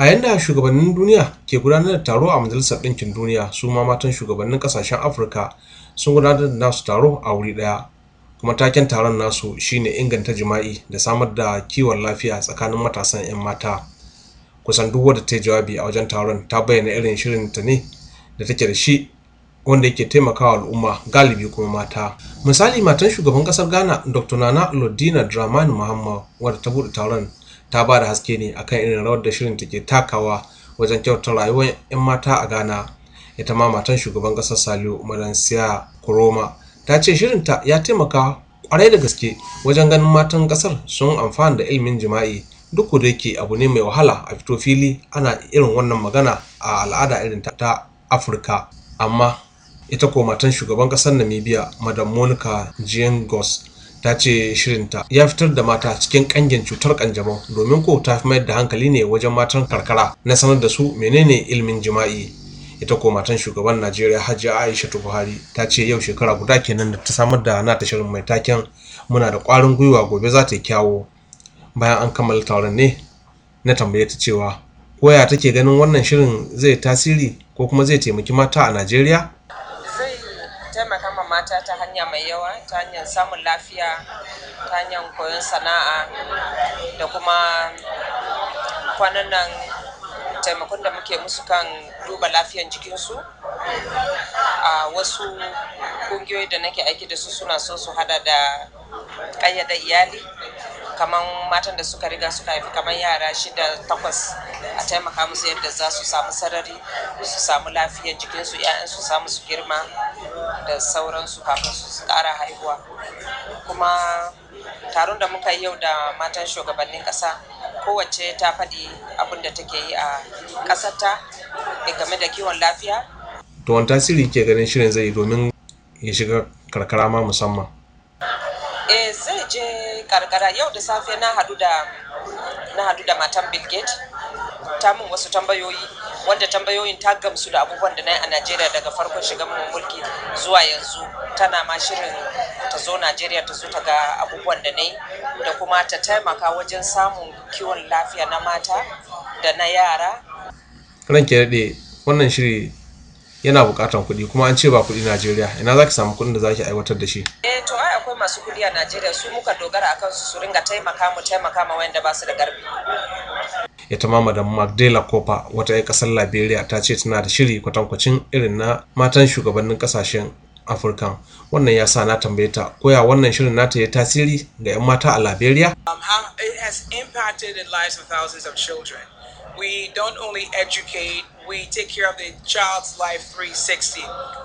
a yanda shugabannin duniya ke gudanar da taro a majalisar ɗinkin duniya su ma matan shugabannin ƙasashen afirka sun gudanar da nasu taro a wuri ɗaya kuma taken taron nasu shine inganta jima'i da samar da kiwon lafiya tsakanin matasan 'yan mata kusan duk wadda ta jawabi a wajen taron ta bayyana irin shirin ta ne da take da shi wanda yake taimakawa al'umma galibi kuma mata misali matan shugaban kasar ghana dr nana lodina dramani muhammad wanda ta bude taron ta ba da haske ne akan irin rawar da shirin take takawa wajen kyautar rayuwar 'yan mata a ghana ita ma matan shugaban kasar saliu madansiya kuroma ta ce shirinta ya taimaka kwarai da gaske wajen ganin matan kasar sun amfana da ilimin jima'i duk da yake abu ne mai wahala a fito fili ana irin wannan magana a al'ada irin ta afirka amma ita ko matan shugaban ƙasar namibia madam monica giengos ta ce shirinta ya fitar da mata cikin ƙangin cutar kanjamau domin ko ta fi mayar da hankali ne wajen matan karkara na sanar da su menene ilimin jima'i ita ko matan shugaban najeriya hajiya aisha buhari ta ce yau shekara guda kenan da ta samar da nata shirin mai taken muna da ƙwarin gwiwa gobe za ta yi kyawo bayan an kammala taron ne na tambaye ta cewa koya take ganin wannan shirin zai tasiri ko kuma zai taimaki mata a najeriya mata ta hanya mai yawa ta hanyar samun lafiya ta hanyar koyon sana'a da kuma kwanan nan taimakon da muke musu kan duba lafiyar jikinsu a wasu kungiyoyi da nake aiki da su suna so su hada da kayyada iyali kamar matan da suka riga suka haifi kamar yara shida takwas a taimaka musu yadda za su samu sarari su samu lafiyar jikinsu 'ya'yan su samu su girma da sauransu kafin su ƙara haihuwa kuma taron da muka yi yau da matan shugabannin ƙasa kowace ta faɗi abin da take yi a ƙasarta game da kiwon lafiya to wani tasiri ke ganin shirin zai yi domin ya shiga karkara ma musamman eh zai je karkara yau da safe na haɗu da da matan bill gates ta min wasu tambayoyi wanda tambayoyin ta gamsu da abubuwan da na yi a najeriya daga farkon shiga mu mulki zuwa yanzu tana ma shirin ta zo najeriya ta zo ta ga abubuwan da na yi da kuma ta taimaka wajen samun kiwon lafiya na mata da na yara ranke daɗe wannan shiri yana bukatan kuɗi kuma an ce ba kuɗi Najeriya ina zaki samu kuɗin da zaki aiwatar da shi eh to ai akwai masu kuɗi a Najeriya su muka dogara akan su su ringa taimaka mu taimaka ma wanda ba su da ƙarfi ita ma madam magdala kopa wata 'yan kasar liberia ta ce tana da shiri kwatankwacin irin na matan shugabannin kasashen afirka wannan ya sa na tambaye ta koya wannan shirin nata ya tasiri ga 'yan mata a liberia um, we don't only educate, we take care of the child's life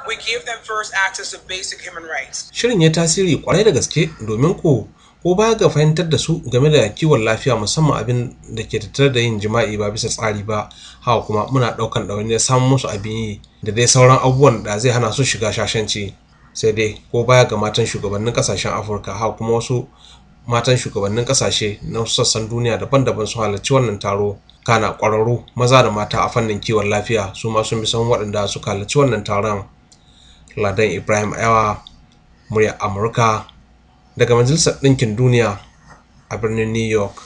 We give them first access to basic human Shirin ya tasiri kwarai da gaske domin ku ko ba ga fahimtar da su game da kiwon lafiya musamman abin da ke tattare da yin jima'i ba bisa tsari ba hau kuma muna ɗaukan ɗawainiyar samun musu abin yi da dai sauran abubuwan da zai hana su shiga shashanci sai dai ko baya ga matan shugabannin kasashen afirka hau kuma wasu matan shugabannin kasashe na sassan duniya daban-daban sun halarci wannan taro kana ƙwararru maza da mata a fannin kiwon lafiya su ma sun bi san waɗanda suka halarci wannan taron ladan ibrahim ayawa muryar amurka daga Majalisar Ɗinkin Duniya a birnin New York.